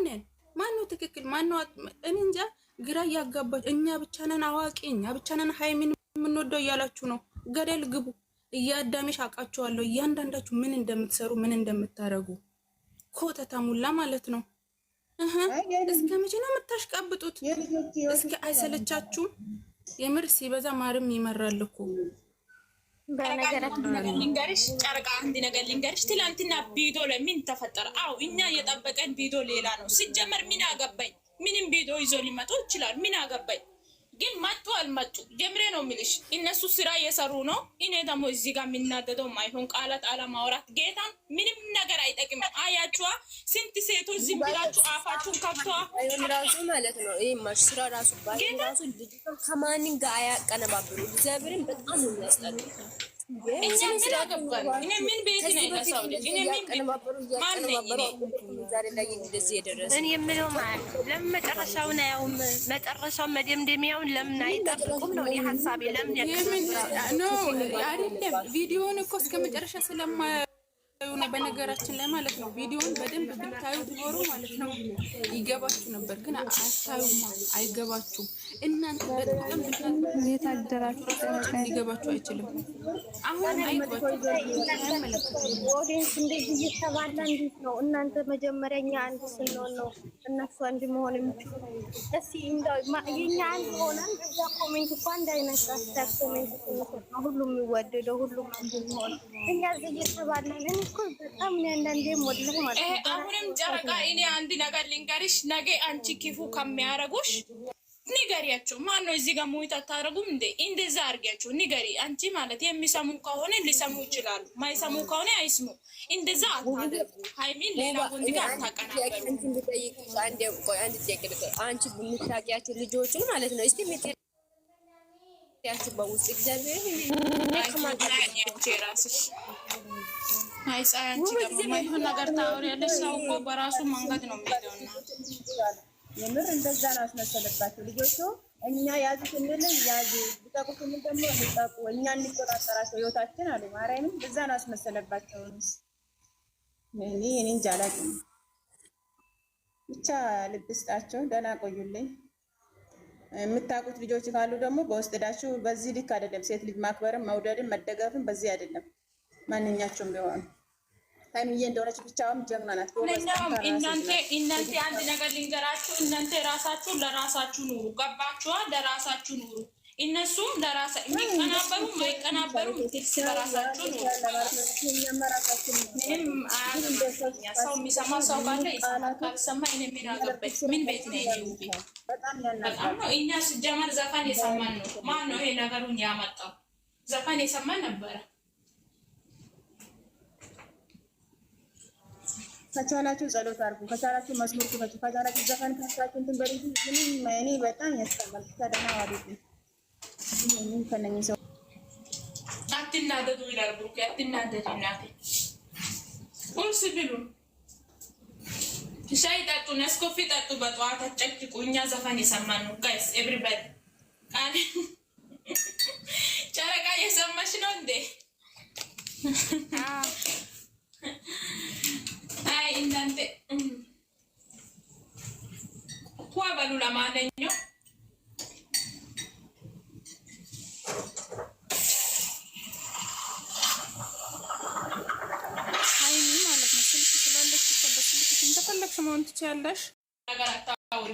ማንን ማነው ትክክል ማነው? እኔ እንጃ ግራ እያጋባች እኛ ብቻ ነን አዋቂ እኛ ብቻ ነን ሀይሚን የምንወደው እያላችሁ ነው። ገደል ግቡ። እያዳሜሽ አውቃችኋለሁ እያንዳንዳችሁ ምን እንደምትሰሩ ምን እንደምታደርጉ ኮተታ ሙላ ማለት ነው። እስከ መቼ ነው የምታሽቃብጡት? እስከ አይሰለቻችሁም? የምር ሲበዛ ማርም ይመራል እኮ ልንገርሽ ጨርቃ አንድ ነገር ልንገርሽ። ትላንትና ቢዶ ለምን ተፈጠረ? አው እኛ የጠበቀን ቪዲዮ ሌላ ነው። ሲጀመር ምን አገባኝ? ምንም ቪዲዮ ይዞ ሊመጡ ይችላል። ምን አገባኝ? ግን መጡ አልመጡ ጀምሬ ነው የሚልሽ። እነሱ ስራ እየሰሩ ነው። እኔ ደግሞ እዚህ ጋር የሚናደደው ማይሆን ቃላት አለማውራት ጌታን ምንም ነገር አይጠቅም። አያችኋ ስንት ሴቶች ዝም ብላችሁ አፋችሁን ከፍተዋ ራሱ ማለት ነው። ይህ ማሽ ስራ ራሱ ባራሱ ልጅ ከማንም ጋር አያቀነባብሩ እግዚአብሔርን በጣም ነው የሚያስጠሉ እኔ የምለው ማለት ነው ለምን መጨረሻውን አያውም? መጨረሻውን መደምደሚያውን ለምን አይጠብቁም ነው ሀሳቤ። ለምን አይደለም ቪዲዮውን እኮ እስከ መጨረሻ ስለማ የሆነ በነገራችን ላይ ማለት ነው ቪዲዮን በደንብ ብታዩት ኖሮ ማለት ነው ይገባችሁ ነበር፣ ግን አታዩማ፣ አይገባችሁም። እናንተ በጣም ሊገባችሁ አይችልም። አሁን አይገባችሁ። እንደዚህ እየተባለ እንዴት ነው እናንተ? መጀመሪያ እኛ አንድ ስንሆን ነው እነሱ አንድ መሆን የሚችሉ። እስኪ የኛ አንድ ሆነን እዛ ኮሜንት እኳ እንዳይነሳስታ ኮሜንት ሁሉም የሚወደደው ሁሉም አንድ ሆን እኛ እየተባለን አሁንም ጨረቃ እኔ አንድ ነገር ልንገርሽ፣ ነገ አንቺ ክፉ ከሚያረጉሽ ንገሪያቸው። ማነው እዚህ ጋር ሙይት አታረጉም እንዴ? እንደዛ አርጊያቸው ንገሪ። አንቺ ማለት የሚሰሙ ከሆነ ሊሰሙ ይችላሉ፣ ማይሰሙ ከሆነ አይስሙ። እንደዛ አታደርጉ። ሃይሚን ሌላ ወንድ ጋር አታቀናበሩ። ማለት ነው እስቲ ያስበው ውስጥ እግዚአብሔር ይመስገን። አይጻያንቺ ደግሞ ነገር ታወሪያለሽ። ሰው እኮ በራሱ መንገድ ነው የሚሄደው። የምር እንደዛ ነው አስመሰለባቸው ልጆቹ። እኛ ያዙ ስንል ያዙ፣ ልቀቁ ስንል ደግሞ ልቀቁ፣ እኛ እንቆጣጠራቸው ህይወታችን አሉ። ነው አስመሰለባቸው። እኔ እኔ እንጃ አላውቅም። ብቻ ልብ ስጣቸው። ደህና ቆዩልኝ። የምታውቁት ልጆች ካሉ ደግሞ በውስጥ ዳችሁ በዚህ ልክ አይደለም። ሴት ልጅ ማክበርም መውደድም መደገፍም በዚህ አይደለም። ማንኛቸውም ቢሆን ታይምዬ እንደሆነች ብቻውም ጀግና ናት። እናንተ አንድ ነገር ልንገራችሁ፣ እናንተ ራሳችሁ ለራሳችሁ ኑሩ። ገባችኋ? ለራሳችሁ ኑሩ። እነሱም ለራሳ የሚቀናበሩ ማይቀናበሩ ትልስ ኑሩ። ሰው የሚሰማ ሰው ካለ ካልሰማ እኔ ምን ምን ቤት ነው በጣም ነው እኛ ስጀመር ዘፈን የሰማን ነው። ማን ነው ይሄ ነገሩን ያመጣው? ዘፈን የሰማን ነበረ ከቻላችሁ ጸሎት አርጉ፣ ከቻላችሁ መስሙር ክፈቱ፣ ከቻላችሁ ዘፈን ከፍታችሁ እንትን በሪቱ ምንም እኔ በጣም ያስጠላል። ከደና ዋሪቱ ምን ከነኝ ሰው አትናደዱ ይላል ብሩክ። አትናደዱ እናቴ ቁርስ ብሉ፣ ሻይ ጠጡ፣ ነስኮፊ ጠጡ፣ በጠዋት አጨቅጭቁ። እኛ ዘፈን የሰማን ነው ጋይስ ኤብሪበድ ቃል ጨረቃ የሰማሽ ነው እንዴ? እናንተ ኩዋ በሉ። ለማንኛውም ነው ስልክ ስላለች በስልክ እንደፈለግሽ መሆን ትችያለሽ።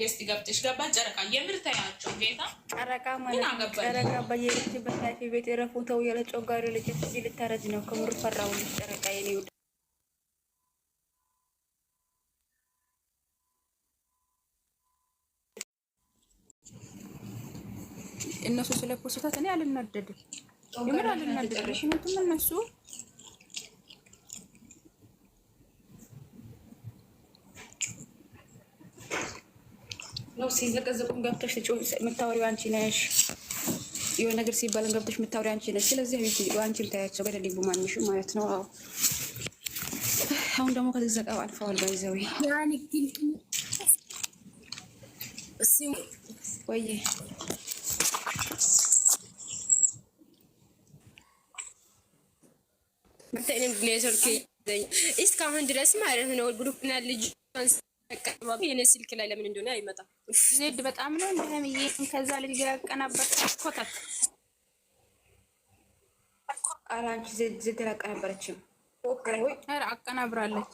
ጌስት ገብተሽ ጨረቃ የምር ተያቸው ጌታ ጨረቃ ማለት ጨረቃ በየቤት ቤት ረፉ ተው ያለ ጮጋሪ ልጅ ልታረጅ ነው። ከምር ፈራው ጨረቃ የኔ እነሱ ስለ ፖስታት እኔ አልናደድም፣ የምር አልናደድም። ምክንያቱም እነሱ ነው ሲዘቀዘቁም ገብተሽ የምታወሪው አንቺ ነሽ። የሆነ ነገር ሲባለን ገብተሽ የምታወሪው አንቺ ነሽ። ስለዚህ አንቺ ልታያቸው ገደል ቡማንሹ ማለት ነው። አዎ አሁን ደግሞ ከተዘቀው አልፈዋል። ባይዘዊ ወይ ብታይንም ግሌዘርኩ እስካሁን ድረስ ማለት ነው። ግሩፕ እና ልጅ አቀባቢ የኔ ስልክ ላይ ለምን እንደሆነ አይመጣም። ዜድ በጣም ነው እንደህም ይሄን ከዛ ልጅ ጋር ያቀናበርኩ ኮታት አራንቺ ዜድ ዜድ አቀናበረችም ወይ አቀናብራለች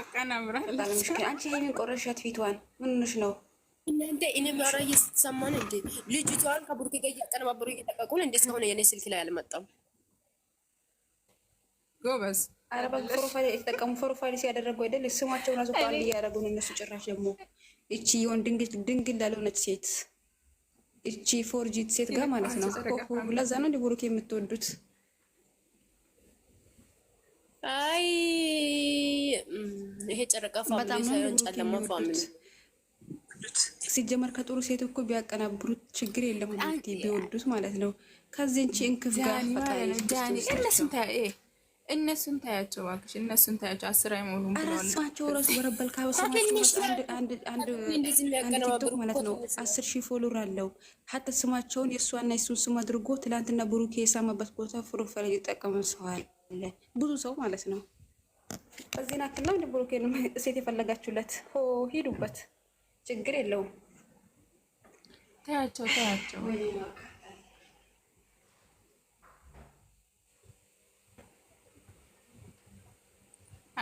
አቀናብራለች። አንቺ ይሄን ቆረሻት ምን ምንሽ ነው? እናንተ እኔ ማራ እየሰማን እንዴ ልጅቷን ከቡርኬ ጋር እያቀነባበሩ እየጠቀቁን እንዴት ከሆነ የኔ ስልክ ላይ አልመጣም። ጎበዝ ፕሮፋይል የተጠቀሙ ፕሮፋይል ሲያደረጉ አይደል ስማቸውን ራሱ ቃል እያደረጉ ነው። እነሱ ጭራሽ ደግሞ እቺ የሆን ድንግል ድንግል ላልሆነች ሴት እቺ ፎርጂት ሴት ጋር ማለት ነው። ለዛ ነው እንዲ ብሩክ የምትወዱት። አይ ይሄ ጨረቃ ፋሚሊ ሳይሆን ጨለማ ፋሚሊ ሲጀመር ከጥሩ ሴት እኮ ቢያቀናብሩት ችግር የለም ቢወዱት ማለት ነው። ከዚህ እንቺ እንክፍ ጋር ፈጣሪ ዳኒ ፈጣ እነሱን ታያቸው እባክሽ፣ እነሱን ታያቸው። አስር አይሞሉም ብለዋል እራሳቸው እራሱ በረበል ካበሰማቸው ማለት ነው። አስር ሺህ ፎሎር አለው። ሀተ ስማቸውን የእሷና የሱን ስም አድርጎ ትላንትና ብሩኬ የሳመበት ቦታ ፕሮፋይል እየጠቀመ ሰዋል። ብዙ ሰው ማለት ነው። በዚህ ናክል ነው ብሩኬ ሴት የፈለጋችሁለት ሂዱበት፣ ችግር የለውም። ታያቸው ታያቸው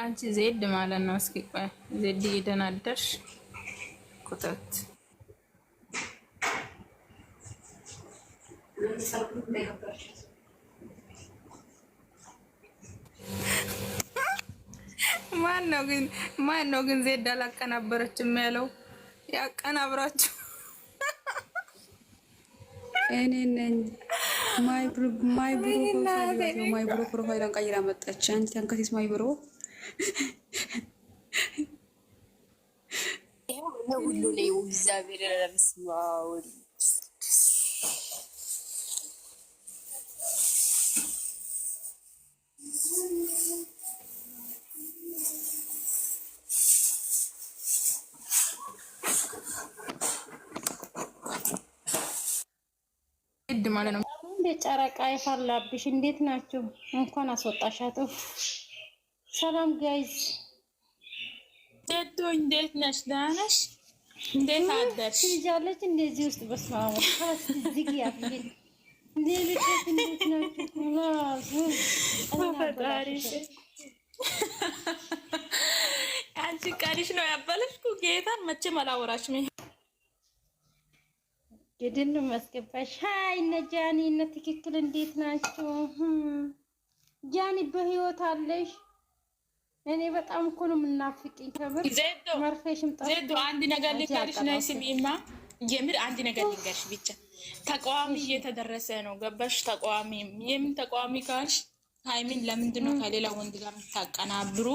አንቺ ዜድ ማለት ነው። እስኪ ቆይ ዜድ እየደናደርሽ ኩተት ነው ግን ማን ነው ግን ዜድ አላቀናበረችም ያለው? ያቀናብራችሁ እኔ ነኝ። ማይ ብሮ ማይ ብሮ ፕሮፋይል ቀይራ መጣች። አንቺ ተንከሲስ ማይ ብሮ ሁሉ ነው እግዚአብሔር ረብስማውል ማለት ነው። ጨረቃ ይፈላብሽ። እንዴት ናችሁ? እንኳን አስወጣሻት። ሰላም ጋይዝ፣ ሴቶ እንዴት ነሽ? ደህና ነሽ? እንዴት አደርሽ? ትንጃለች እንደዚህ ውስጥ በስመ አንቺ ቀሪሽ ነው ያበለሽ። ጌታን መቼም አላወራሽም። ግድን መስገባሽ። ሀይ እነ ጃኒ እነ ትክክል እንዴት ናቸው? ጃኒ በህይወት አለሽ? እኔ በጣም እኮ ነው የምናፍቅኝ። ከምር መርፌሽም ዜዶ አንድ ነገር ልንገርሽ ነው። ስሚማ፣ የምር አንድ ነገር ልንገርሽ ብቻ ተቃዋሚ እየተደረሰ ነው ገባሽ? ተቃዋሚ የምን ተቃዋሚ ካልሽ ሃይሚን ለምንድን ነው ከሌላ ወንድ ጋር የምታቀናብሩ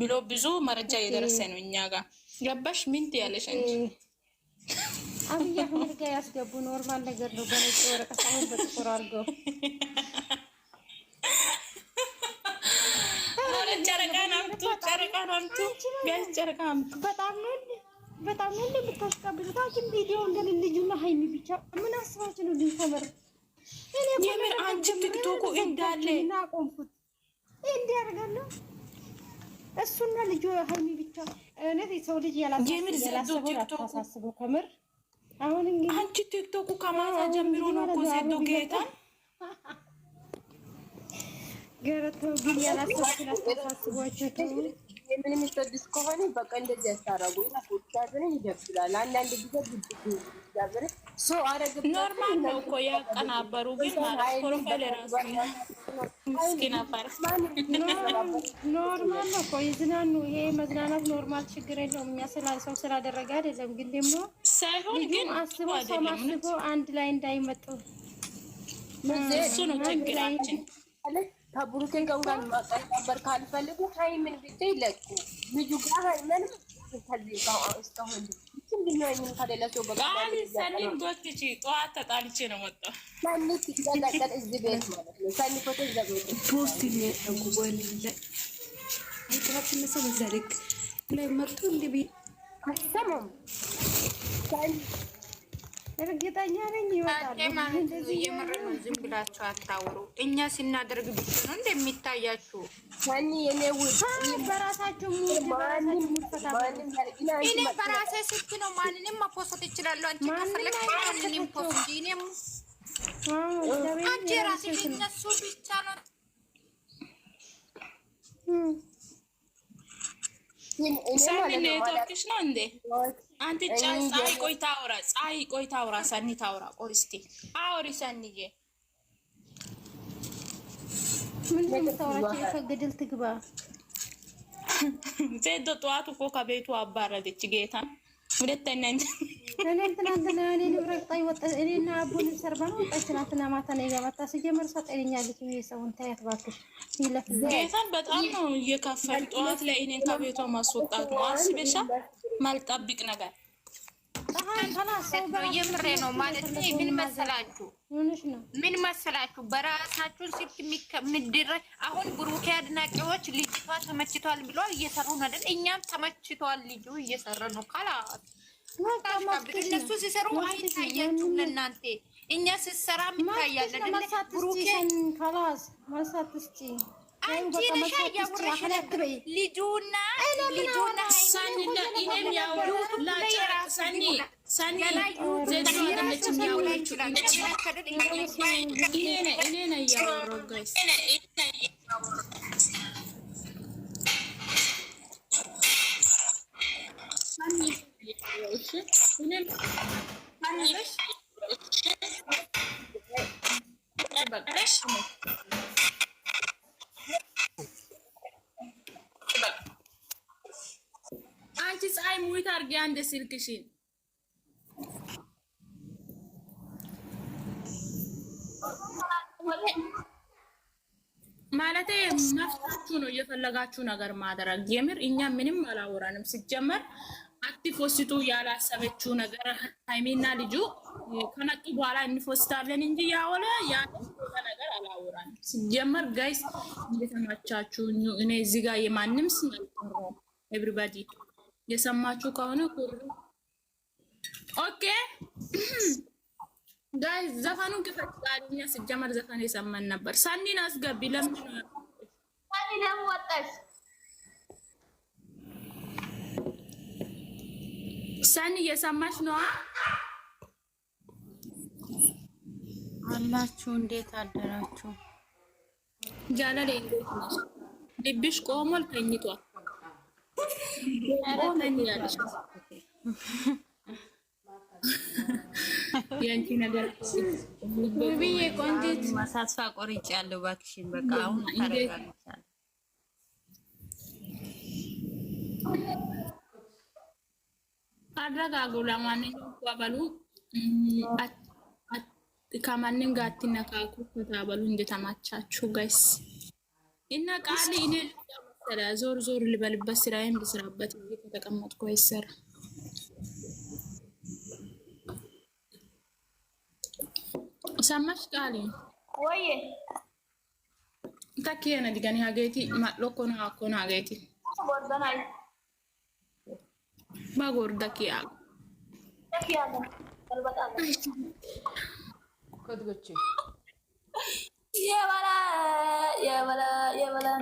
ብሎ ብዙ መረጃ እየደረሰ ነው እኛ ጋር ገባሽ? ምን ትያለሽ እንጂ አብይ አህመድ ጋር ያስገቡ ኖርማል ነገር ነው። በነጭ ወረቀት አሁን በጥቁር አድርገው ጨረቃ ናምቱ ቢያንስ ጨረቃ ናምቱ በጣም ነው በጣም ነው እንደምታስቀብሉት። ሐኪም ቪዲዮ እንደን ልዩና ሀይሚ ብቻ ምን አስባችሁ ነው? ሊሰበር የምር አንቺ ትክቶኩ እንዳለ ቆምኩት። እንዲህ ያደርጋለሁ እሱና ልጁ ሀይሚ ብቻ። እውነት የሰው ልጅ ያላሰበው ከምር አሁን እንግዲህ አንቺ ቲክቶኩ ከማታ ጀምሮ ነው እኮ ሴቶ ጌታ ኖርማል ነው እኮ ያቀናበሩ ኖርማል ነው እኮ ይዝናኑ። ይሄ መዝናናት ኖርማል ችግር የለውም። እኛ ስላ ሰው ስላደረገ አይደለም ግን ደግሞ ሳይሆን ግን አስቦ ሰው አስቦ አንድ ላይ እንዳይመጡ እሱ ነው ችግራችን። ከብሩኬ ጋር መቀበር ካልፈልጉ ሀይሚን ብቻ ይለቁ። ልጁ ጋር ሀይሚን ፖስት ላይ መርቶ እንዲህ እርግጠኛ ነኝ ይወጣል። እንደዚህ የምር ነው። ዝም ብላችሁ አታውሩ። እኛ ስናደርግ ብቻ ነው እንደሚታያችሁ። በራሳችሁ እኔ በራሴ ስልክ ነው ማንንም መፖስት ይችላሉ። አንቺ ከፈለግሽ ማንንም ፖስት። እኔም አንቺ ራስሽ እነሱ ብቻ ነው ሳሚን ነው እንዴ? አንቺ ፀሐይ ቆይ ታውራ፣ ፀሐይ ቆይ ታውራ፣ ሰኒ ታውራ። ቆይ እስኪ አውሪ ሰኒዬ። ምንድን ነው የምታወራቸው? የፈገድል ትግባ ዜዶ ጠዋት እኮ ከቤቱ አባረደች ጌታን ሁለተኛ እኔ ትናንትና እኔ ንብረት ጣይ ወጣ እኔና አቡን ሰርባ ነው ወጣች። ትናንትና ማታ ነው የገባታ። ስጀምር እሷ ጤነኛ ልጅ የሰውን ታያት እባክሽ። ጌታን በጣም ነው እየከፈል ጠዋት ላይ እኔን ከቤቷ ማስወጣት ነው አስቤሻ ማልጠብቅ ነገር የምሬ ነው ማለት ነው። ምን መሰላችሁ ምን መሰላችሁ በራሳችሁ ስልክ የሚድረ አሁን ብሩኬ አድናቂዎች ልጅቷ ተመችቷል ብሎ እየሰሩ ነደል። እኛም ተመችቷል ልጁ እየሰራ ነው። ካላት እነሱ ሲሰሩ አይታያችሁም ለእናንተ እኛ ስሰራ ምታያለን ብሩኬ አንቺ ነሻ እያወራሽ ነበር። ልጁና ልጁና እኔም ያው ሰኒ ሰኒ ዜዶ አይደለችም ያወራችው እኔ ነ እያወራሁ ጋይስ ሰኒ እኔም አንድ ስልክሽን ማለት መፍታችሁ ነው እየፈለጋችሁ ነገር ማድረግ። የምር እኛ ምንም አላወራንም። ሲጀመር አትፎስቱ። ያላሰበችው ነገር ሃይሚና ልጁ ከነጡ በኋላ እንፎስታለን እንጂ ያወለ ነገር አላወራንም። ሲጀመር ጋይስ እንደተመቻችሁ እኔ እዚህ ጋር የማንም ስም አልጠራም ኤብሪባዲ የሰማችሁ ከሆነ ኩሩ ኦኬ ጋይ ዘፈኑ ግፈት ዛሬኛ ስጀመር ዘፈኑ የሰማን ነበር። ሳኒን አስገቢ። ለምን ሳኒ ለምን ወጣሽ? ሳኒ እየሰማሽ ነዋ። አላችሁ እንዴት አደራችሁ? ጃለሌ እንዴት ነሽ? ልብሽ ቆሞል ተኝቷል። ያንቺ ነገር ውብዬ ቆንጆት ተስፋ ቆርጬ ያለው እባክሽን፣ በቃ አሁን አረጋጉ። ለማንኛውም ተባባሉ፣ ከማንም ጋር አትነካኩ። ተባባሉ እንደተማቻችሁ ጋይስ እና ቃል እኔ ዞር ዞር ልበልበት፣ ስራዬን ልስራበት። ከተቀመጥኩ አይሰራ ሰማሽ ቃሊ ወይ ታኪየነ ዲጋኒ ሀገቲ ማሎ ኮነ አኮነ ሀገቲ ጎርደናይ ባጎርዳ ኪያ ኮትጎች የበላ የበላ የበላ